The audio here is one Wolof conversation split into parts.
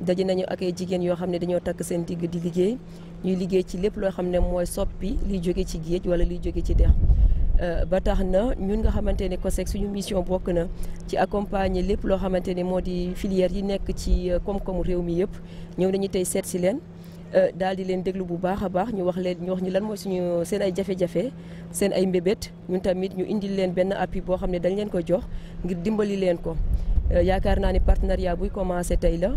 daje nañu ak ay jigéen yoo xam ne dañoo takk seen digg di liggéey ñuy liggéey ci lépp loo xam ne mooy soppi liy jóge ci géej wala liy jóge ci dex euh, ba tax na ñun nga xamante ne COSEC suñu mission bokk na ci accompagner lépp loo xamante ne moo di filière yi nekk ci euh, koom-koomu réew mi yëpp ñëw nañu tey seet si leen euh, daal di leen déglu bu baax a baax ñu wax leen ñu wax ñu lan mooy suñu seen ay jafe-jafe seen ay mbébét ñun tamit ñu indil leen benn appui boo xam ne dañ leen ko jox ngir dimbali leen ko yaakaar naa ni partenariat buy commencé tey la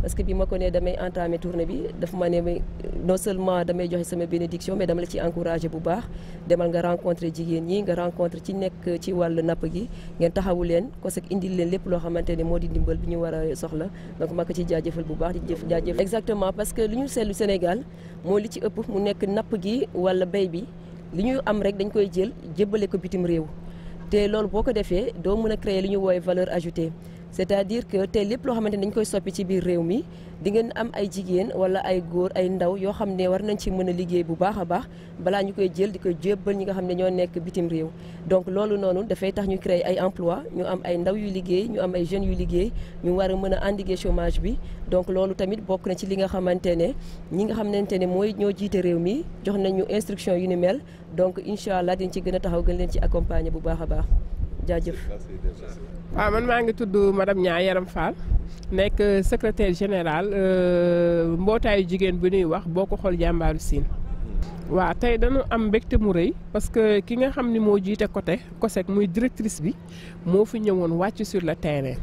parce que bi ma ko nee damay entamé tournée bi daf ma né non seulement damay joxe sama bénédiction mais dama la ci encourager bu baax demal nga rencontrer jigéen ñi nga rencontré ci nek ci wàllu nap gi ngeen taxawu len ko que indi len lepp lo xamante modi moo bi ñu wara soxla donc ma ko ci jaajëfal bu baax di jaajëf exactement parce que li ñu seetlu Sénégal mo li ci ëpp mu nek nap gi wala bay bi li ñu am rek dañ koy jël jébbale ko bitim réew té lool boko défé do mëna créer li ñu woy valeur ajoutée c'est-à-dire que tey lépp loo xamante ne dañ koy soppi ci biir réew mi di am ay jigéen wala ay góor ay ndaw yoo xam ne war nañ ci mën a liggéey bu baax a baax balaa ñu koy jël di koy jébbal ñi nga xam ne ñoo nekk bitim réew donc loolu noonu dafay tax ñu créer ay emploi ñu am ay ndaw yuy liggéey ñu am ay jeunes yu liggéey ñu war a mën a endiguer chômage bi donc loolu tamit bokk na ci li nga xamante ne ñi nga xamante ne mooy ñoo jiite réew mi jox nañu instruction yu ni mel donc incha allah dinañ ci gën a taxaw gën leen ci accompagner bu baax a jaajëf. Ah, man maa ngi tudd madame ñaa Yaram Fall nekk euh, secretaire général euh, mbootaayu jigéen bu ñuy wax boo ko xool jàmbaaru siin. waaw tey dañu am mbégte mu rëy parce que ki nga xam ni moo jiite côté COSEC muy directrice bi moo fi ñëwoon wàcc sur le terrain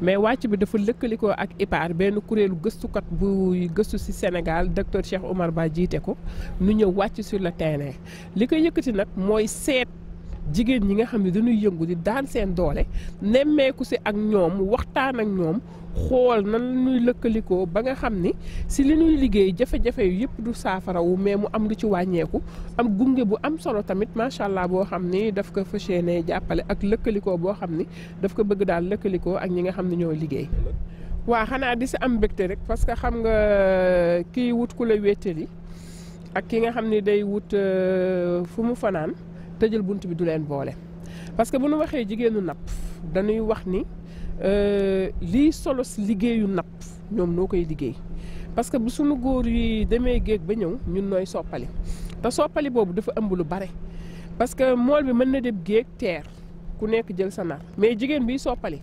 mais wàcc bi dafa lëkkalikoo ak IPAR benn kuréelu gëstukat bu gëstu ci Sénégal docteur Cheikh Omar Ba jiite ko nu ñëw wàcc sur le terrain li ko yëkkati nag mooy seet. jigéen ñi nga xam ni dañuy yëngu di daan seen doole nemmeeku si ak ñoom waxtaan ak ñoom xool nan ñuy lëkkalikoo ba nga xam ni si li ñuy liggéey jafe-jafe yu yëpp du saafara wu mais mu am lu ci wàññeeku am gunge bu am solo tamit macha allah boo xam ni daf ko fas ne jàppale ak lëkkalikoo boo xam ni daf ko bëgg daal lëkkalikoo ak ñi nga xam ne ñoo liggéey. waa xanaa di si am mbégte rek parce que xam nga kii wut ku la wéttali ak ki nga xam ni day wut euh, fu mu fanaan. tëjal bunt bi du leen boole parce que bu nu waxee jigéenu napp dañuy wax ni euh, lii solos liggéeyu napp ñoom noo koy liggéey parce que bu sunu góor yi demee géej ba ñëw ñun nooy soppali te soppali boobu dafa ëmb lu bare parce que mool bi mën na dem géej teer ku nekk jël sa nar mais jigéen biy soppali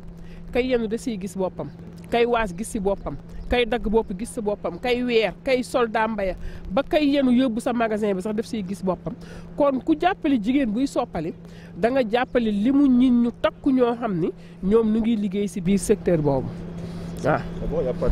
kay yenu da siy gis boppam kay waas gis si boppam kay dagg bopp gis sa boppam kay weer kay soldat mbaya ba kay yenu yóbbu sa magasin bi sax def siy gis boppam kon ku jàppale jigéen buy soppali da nga jàppale li mu ñit ñu takku ñoo xam ni ñoom ñu ngi liggéey si biir secteur boobu waaw ah